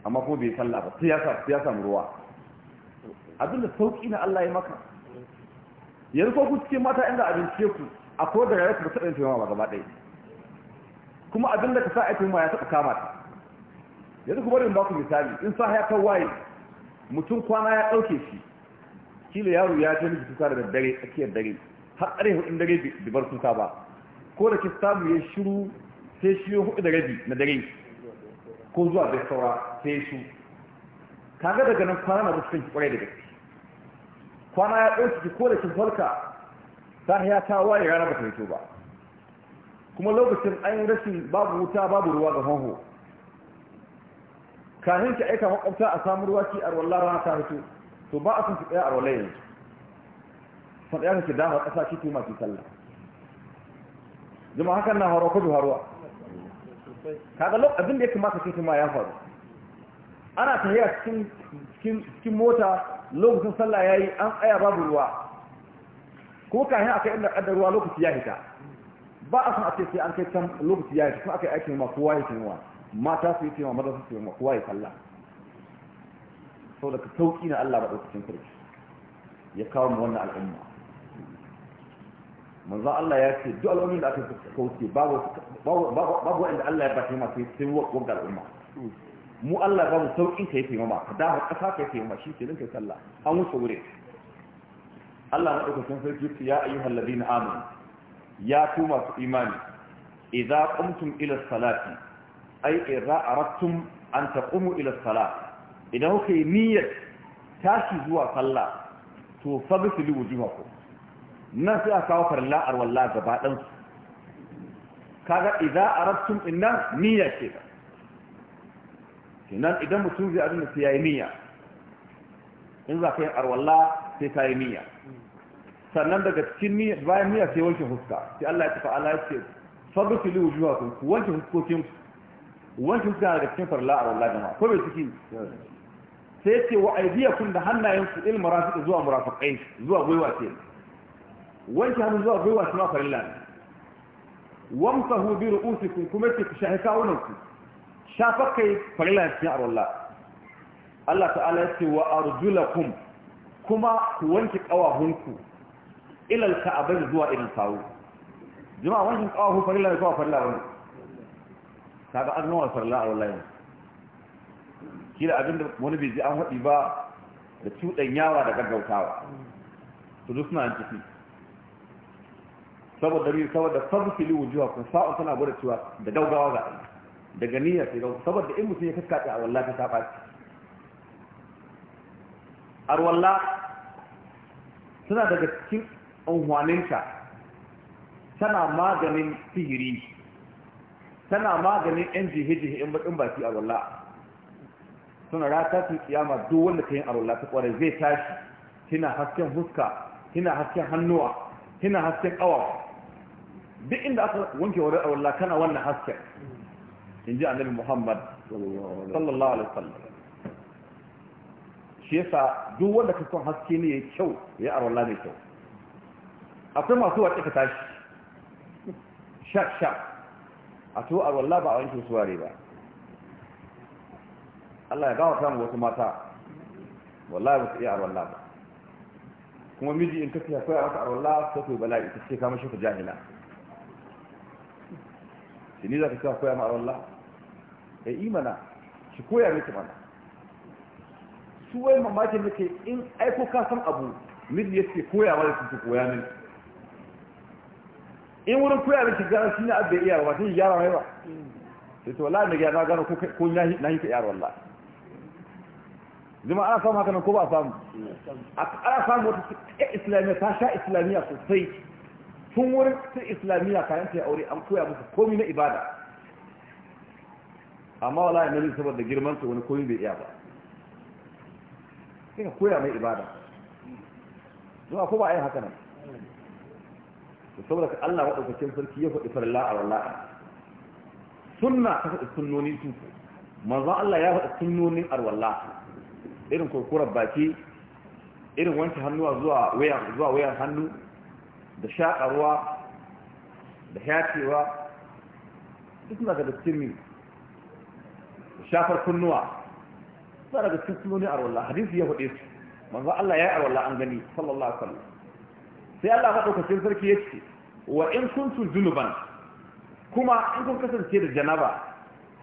amma ko bai sallah ba siyasa siyasa ruwa abinda sauki na Allah ya maka yanzu ko ku cikin mata inda abinci ku a ko da rayuwar ta tsayin ma gaba ɗaya kuma abinda ka sa a taimama ya taɓa kama ta yanzu ku bari in ba ku misali in sa ya kan waye mutum kwana ya ɗauke shi kila yaro ya je miki tsara da a cikin dare har ƙarfe hudun dare bai bar kuka ba ko da ki samu ya shiru sai shi hudu da rabi na dare ko zuwa bai saura sai su kaga daga nan kwana na rufin kwarai da gaske kwana ya ɗauki ko da kin farka ta ya ta waye rana ba ta fito ba kuma lokacin an yi rashin babu wuta babu ruwa ga hanho kafin ki aika makwabta a samu ruwa ki arwallar rana ta fito to ba a sun ki tsaya arwallar yanzu sun tsaya ki dama ƙasa ki tuma ki sallah jama'a hakan na haro kudu haruwa kaga lok abin da ya kamata sai kuma ya faru ana tafiya cikin cikin cikin mota lokacin sallah yayi an tsaya babu ruwa ko kayan akai inda kaddar ruwa lokaci ya hita ba a san a ce sai an kai can lokaci ya hita kuma akai aikin ma kowa ya kewa mata su yi ma maza su yi ma kowa ya sallah saboda ka sauki na Allah ba daukakin kirki ya kawo mu wannan al'umma manzo Allah ya ce duk al'ummin da aka kauce babu babu wanda Allah ya ba shi masu sai wanda al'umma mu Allah babu sauƙin ka yi taimama ka dafa ƙasa ka yi taimama shi ke ninka sallah an wuce wuri Allah na ɗaukacin sarki ce ya ayyuhan ladina amin ya ku masu imani idza qumtum ila salati ay idza aradtum an taqumu ila salat idan kai niyyar tashi zuwa sallah to fabsilu wujuhakum nan sai a kawo farilla walla gaba ɗansu kaga idan arabtum inna niyya ce ba kenan idan mutum zai abin da sai yayi niyya in za ka yi arwalla sai ka yi niyya sannan daga cikin niyya bayan niyya sai wanke huska sai Allah ya tafi Allah ya ce sabbatu fili wujuhakum ku wanke huskokin wanke huska daga cikin farilla walla jama'a ko bai ciki sai ce wa aidiyakum da hannayen il marafiq zuwa murafiqai zuwa gwiwa ce wanke hannun zuwa gwiwa su ma farilla wamsahu bi kun kuma ce ku shahi kawunan ku shafa kai farin farilla cikin arwalla Allah ta'ala ya ce wa arjulakum kuma ku wanke kawahunku ila al-ka'abain zuwa irin sawu jama'a wankin kawahu farilla ne kawai farilla ta ga an nawa farilla a wallahi da abinda wani bai ji an haɗi ba da cuɗan yawa da gaggautawa su duk suna yin ciki saboda biyu saboda fadfili wujuwa kun sa'a tana gwada cewa da daugawa ga daga niyyar sai daugawa saboda in mutum ya kaskace a wallahi ta faɗi arwalla suna daga cikin unhwaninta tana maganin sihiri tana maganin yan jihe-jihe in bakin baki arwalla suna rata sun kiyama duk wanda ka a arwalla ta kware zai tashi kina hasken huska kina hasken hannuwa kina hasken ƙawa duk inda aka wanke wurin Allah kana wannan hasken in ji annabi Muhammad sallallahu alaihi wasallam shi yasa duk wanda ka son haske ne ya kyau ya arwala ne kyau akwai masu wace ka tashi shak shak a to arwala ba a wanke ware ba Allah ya gawa samun wasu mata wallahi ba su iya arwala ba kuma miji in ka ce akwai a wata arwala ta kai bala'i ta ce kama shi ta jahila da ni za ka cewa koya ma Allah eh, ya mana shi koya miki mana su wai mamakin nake in aiko ka san abu ya ce koya ma da su koya min in wurin koya min ki gano abu abin iya ba sai yara mai ba sai to wallahi na gyara gano ko ko na yi ka yar wallahi zama ana samu haka nan ko ba samu ana samu wata eh, islamiyya ta sha islamiyya sosai tun wurin ta islamiyya kayan ta aure an koya musu komi na ibada amma wala ya nari saboda girman ta wani komi bai iya ba sai ka koya mai ibada zuwa ko ba a yi haka nan saboda ka Allah waɗaukacin sarki ya faɗi farla a walla'a sunna ta faɗi sunnoni su manzon Allah ya faɗi sunnonin arwalla irin kurkurar baki irin wanke hannuwa zuwa wayan hannu da shakarwa, da shaƙewa duk na ga daskirmi da shafar kunnuwa Za a daga cikin sunoni a wallah hadisi ya faɗe su manzo Allah ya yi a wallah an gani sallallahu alaihi wasallam sai Allah ya ɗaukacin sarki ya ce wa in kuntum zunuban, kuma in kun kasance da janaba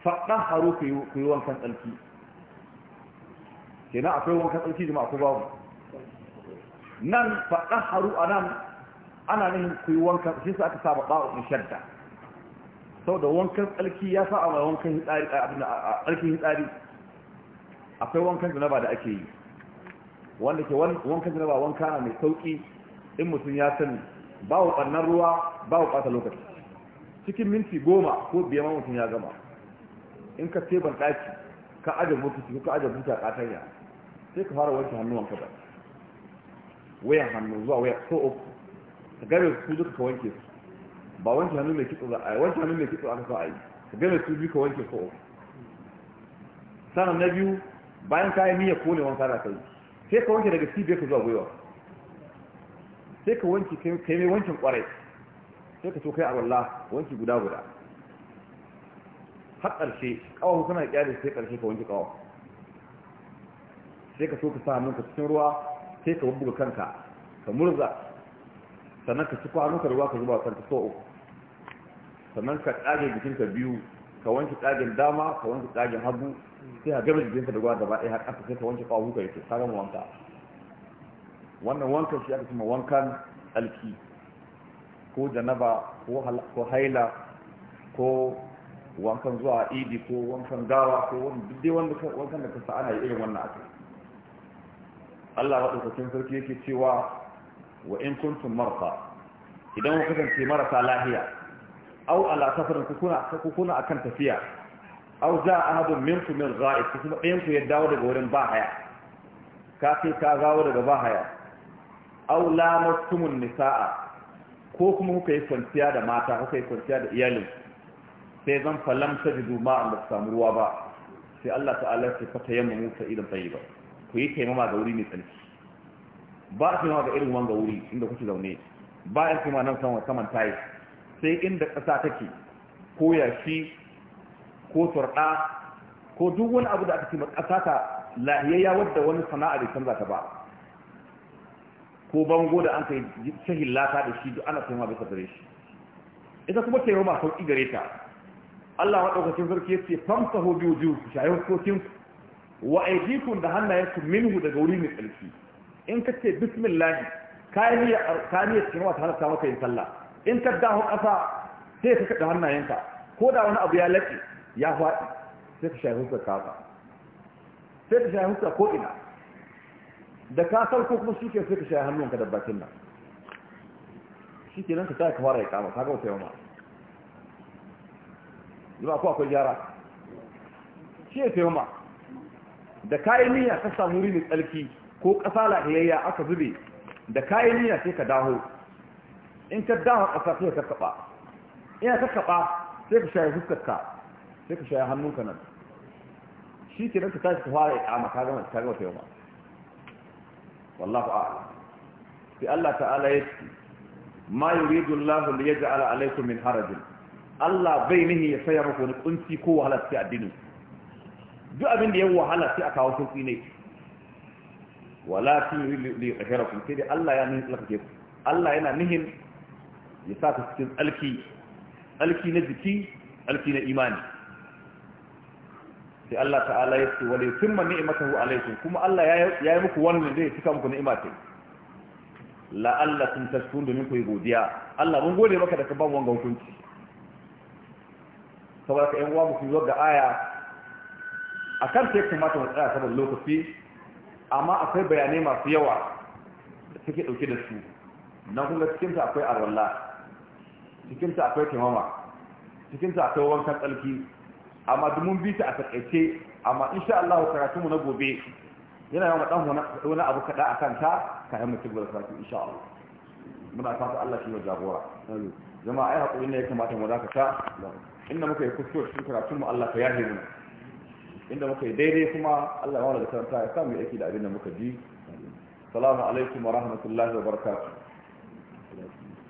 faɗaharu ku yi wankan tsarki kenan akwai wankan tsarki jama'a ko babu nan faɗaharu a nan ana nihin ku yi wankan shi sa aka saba ba'u in shadda sau da wankan tsarki ya sa a mai wankan tsarkin hitsari akwai wankan zanaba da ake yi wanda ke wankan zanaba wanka na mai sauki in mutum ya sani wa ɓannan ruwa wa ɓata lokaci cikin minti goma ko biyar ma mutum ya gama in ka teban ɗaki ka aje motoci ko ka aje buta ƙatanya sai ka fara wanke hannuwan ba wayan hannu zuwa waya so ka game su duka ka wanke su ba wanke hannu mai kitso ba a wanke hannu mai kitso aka so ka gane su duka wanke ko uku sannan na biyu bayan kayan niyyar kone wanka da kai sai ka wanke daga cibiyar ka zuwa gwiwa sai ka wanke kai mai wankin kwarai sai ka so kai a walla wanki guda guda har ƙarshe ƙawahu kana ƙyale sai ƙarshe ka wanke ƙawahu sai ka so ka sa hannunka cikin ruwa sai ka bubbuga kanka ka murza sannan ka ci kwanuka ruwa ka zuba kanka so uku sannan ka tsage jikinka biyu ka wanke tsagen dama ka wanke tsagen hagu sai ka gama jikinka da ruwa gaba ɗaya har ƙasa sai ka wanke kwahu ka yake kagan wanka wannan wankan shi aka cima wankan alki ko janaba ko haila ko wankan zuwa idi ko wankan gawa ko wani duk dai wankan da ka sa ana yi irin wannan aka Allah maɗaukakin sarki yake cewa wa in kuntum marfa idan ku kasance marasa lahiya au ala safarin ku kuna ku kuna akan tafiya au za ahadun minkum min ra'id ku kuma ɗayan ku ya dawo daga wurin bahaya ka ce ka dawo daga bahaya aw lamastumun nisaa ko kuma kuka yi kwanciya da mata kuka yi kwanciya da iyalin sai zan falam tajidu ma'an da samu ruwa ba sai Allah ta'ala ya ce fata yamma musa idan tayyiba ku yi taimama ga wuri mai tsarki ba a cewa ga irin wanga wuri inda kuke zaune ba a cewa nan saman saman tayi sai inda ƙasa take ko yashi ko turɗa ko duk wani abu da aka ce ƙasa ta lahiyayya wadda wani sana'a da canza ta ba ko bango da an kai shahin lata da shi duk ana cewa bisa gare shi ita kuma ce roma sauƙi gare ta Allah maɗaukacin sarki ya ce famsahu biyu biyu ku sosin wa aidikun da minhu daga wuri mai tsarki in ka ce bismillahi kariya cikin wata halatta maka yin sallah in ka dawo ƙasa sai ka kaɗa hannayenka ko da wani abu ya laƙe ya faɗi sai ka shafi huska kafa sai ka shafi huska ko ina da ka sarko kuma shi ke sai ka shafi hannunka da bakin nan shi ke nan ka sa ka fara ya kama ka ga wata yawa zuwa ko akwai gyara shi ya sayo ma da kayan niyya ka samu wuri mai tsarki ko ƙasa lahiyayya aka zube da kayan niyya sai ka daho in ka daho ƙasa sai ka kaɓa ina ka kaɓa sai ka shaye fuskarka sai ka shaye hannunka nan shi ke nan ka tashi ta fara ikama ka gama ta gama ta yau ma wallahu a'lam sai Allah ta'ala ya ce ma yuridu Allah li yaj'ala alaykum min harajin Allah bai nihi ya sayar muku wani kunci ko wahala sai addinin duk abin da ya wahala sai a kawo sauki ne wala fi li qahirakum sai dai Allah ya nihin tsarkake ku Allah yana nihin ya sa ku cikin alki alki na jiki alki na imani sai Allah ta'ala ya ce wala yutimma ni'matahu alaykum kuma Allah ya yi muku wannan zai ya cika muku ni'ima ta sun tashkurun domin ku yi godiya Allah mun gode maka da ka ba mu wannan hukunci saboda ka yan uwa mu ku zo ga aya akan sai kuma mu tsaya saboda lokaci amma akwai bayanai masu yawa da suke ɗauke da su na kuma cikinta akwai arwalla cikinta akwai kimama cikinta akwai wankan tsarki amma dumin bita a takaice amma insha Allah karatunmu na gobe yana yawan ɗan wani abu kada a kanta ka yi mutum da sarki insha Allah muna fata Allah shi ne jagora zama ai hakuri ne ya kamata mu dakata inna muka yi kuskure cikin karatunmu Allah ka yahe mu inda muka yi daidai kuma Allah mawa da karanta ya samu aiki da abin da muka ji salamu alaikum wa rahmatullahi wa barakatuh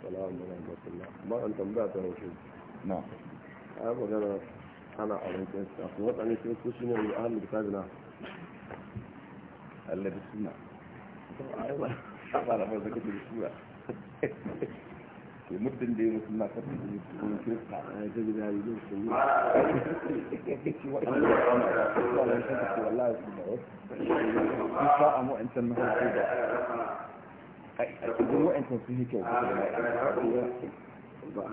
salamu alaikum ba an tambaya ta na a magana ana a su ne da Allah da ba da to muddin da ya mutum na kafin da ya kuma kirista a gida ya yi su a samu na da a cikin wa'ancan sun yi kyau da ba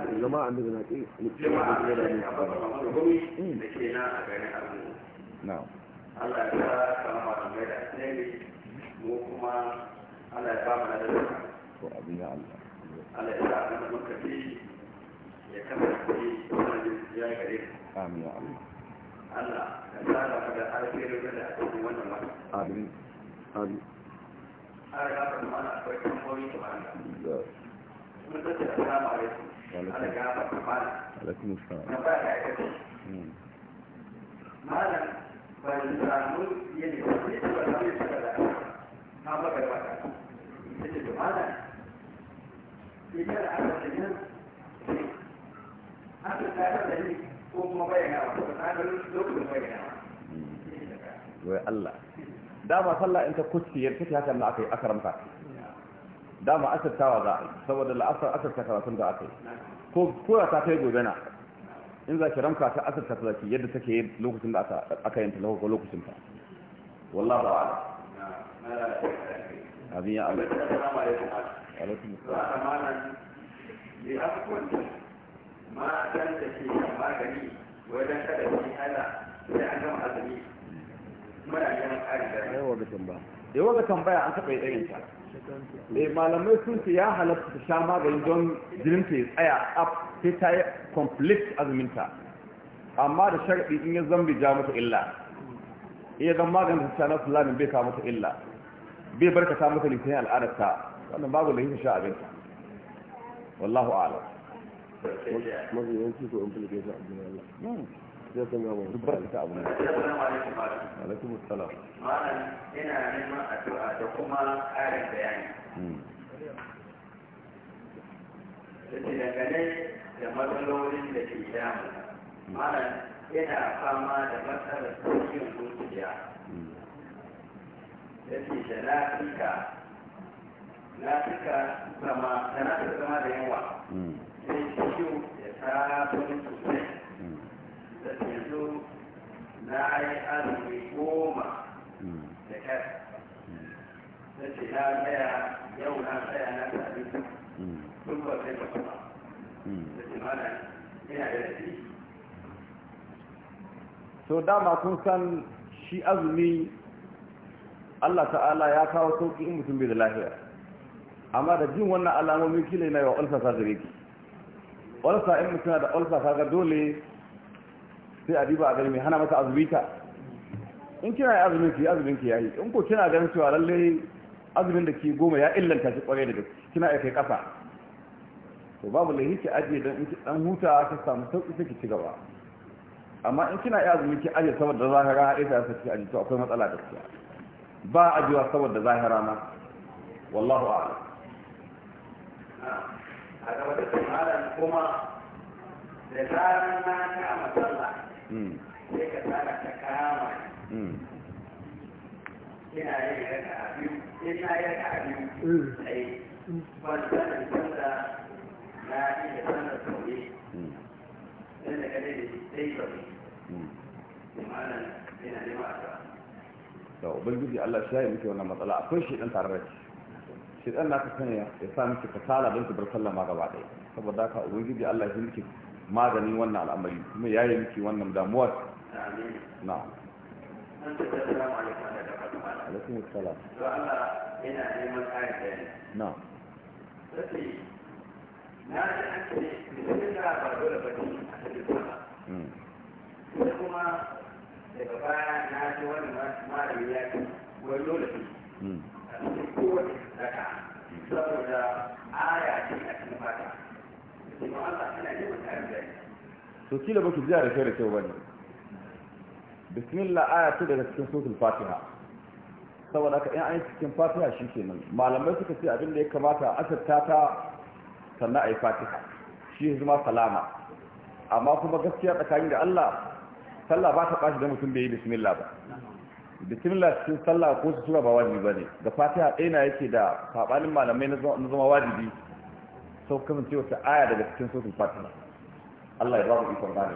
a zama an ya kama da mai Allah ya ba mu ladan to abin ya Allah Allah ya sa abin da muka fi ya kasance sanadin ya gare mu amin ya Allah Allah ya sa da kada alheri da da cikin wannan wata amin amin Allah ya ba mu ana akwai kamar yadda ba mun tace assalamu alaikum Allah ya ba mu mana alaikum assalam na ba ya kace malam ban samu yadda ba sai ba sai da أربعة وعشرة ستة هذا يجعل على الجنة هذا الثالث الذي هو مبين هذا الثالث مبين وي الله داما صلى انت كنت يركتي هكذا من اخي اكرم فاتي داما اسر تاوى ذاعي سوى دل اسر اسر تاوى كنت اخي كورا تاتي يقول بنا ان ذا كرم فاتي اسر تاوى ذاكي يد سكي لوكس انت اكا انت لوكس انت والله اعلم abin ya ga eh, tambaya an taɓa ta eh malamai sun ce ya halatta ta sha magani don jinin ta ya tsaya up sai ta yi complete azuminta amma da sharaɗi in ya zambi ja mata illa iya zan maganin ta na fulani bai kawo mata illa bai barkata maka littafin al'adarta wannan babu da yin sha abinta wallahu a'lam mafi yanci ko in fulge shi abin Allah zai san gama duk barkata abu ne alaikum assalam malam ina neman addu'a da kuma ƙarin bayani sai dangane da matsalolin da ke damu malam yana fama da matsalar ciwon zuciya yake da na lafika zama da na lafika zama da yawa hmm. sai cikin ya tara wani sosai hmm. da yanzu na yi azumi goma hmm. da kai da ce na tsaya yau na tsaya na tsari sun ba sai ba kuma da ce mana ina da rafi so dama kun san shi azumi Allah ta'ala ya kawo sauki in mutum bai da lafiya amma da jin wannan alamomi kila yana yawa ulsa ta gare ki ulsa in mutum da ulsa ta ga dole sai a diba a gani mai hana masa ta in kina yi azumin ki azumin ki yayi in ko kina ganin cewa lalle azumin da ke goma ya illanta shi kwarai da gaske kina aika kai kasa to babu lahi ki ajiye dan in ki dan huta ka samu sauki sai ki ci gaba amma in kina yi azumin ki aje saboda zaka ga haɗe ta sai ki aje to akwai matsala gaskiya ba a biwa saboda zahira ma wallahu a'lam a gaba da tsammanin kuma da zarar na kama sallah sai ka tsara ta kama ina yin raka a biyu ina yin raka a biyu sai ban sanin sallah na iya sallar sauri sai da kare da sai sauri malam ina neman a da ubangiji Allah shi ya miki wannan matsala akwai shi dan tare da shi dan naka sanya ya sa miki kasala don ki bar sallah ma gaba ɗaya saboda haka ubangiji Allah shi miki maganin wannan al'amari kuma ya yi miki wannan damuwar na alaikum assalam to Allah yana neman ƙarin bayani na sai na ji an ce da ba dole ba ne a cikin sama hmm. kuma daga baya na ji wani malami ya ce wani dole ne hmm. a cikin kowace zaka saboda aya ce a cikin fata kuma Allah tana yi wata arzai to kila ba su biya da kai da kyau ne. bismillah aya ce daga cikin suratul fatiha saboda haka in an yi cikin fatiha shi ke nan malamai suka ce abin da ya kamata a asarta ta sannan a yi fatiha shi ya zama salama amma kuma gaskiya tsakanin da Allah sallah ba ta ɓaci da mutum bai yi bismillah ba bismillah cikin sallah ko su sura ba wajibi ba ne da fatiha ɗaya na yake da saɓanin malamai na zama wajibi sau kasance wata aya daga cikin sosin fatiha Allah ya ba mu ikon gane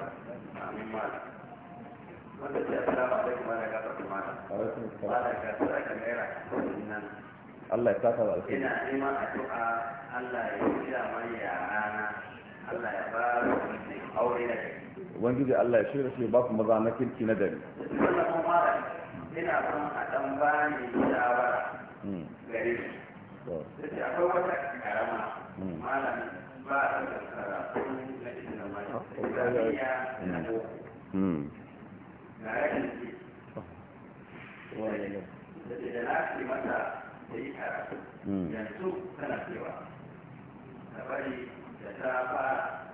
wanda ke assalamu alaikum ana gafa tumana ana ka saka naira nan Allah ya saka da ina a addu'a Allah ya yi da mai yara Allah ya ba su aure da kai ubangiji Allah ya shirya shi ba ku maza na kirki na dare. gari ina son a dan bani shawara gare shi sai akwai wata karama malami ba a da karatu na izinin mai ya na boko na rashin ji da na ce mata da yi karatu yanzu tana cewa ta bari da ta fara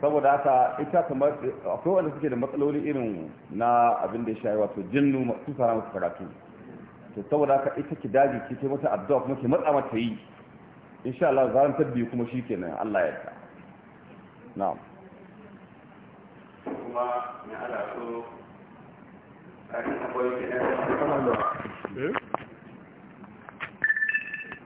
saboda haka ita kamar akwai wanda suke da matsaloli irin na abin da ya shayi wato jinnu su fara musu karatu to saboda haka ita ki daji ki ce mata addu'a kuma ki matsa mata yi insha Allah zaran tabbi kuma shi shikenan Allah ya yarda na'am kuma ni ala so a cikin akwai kenan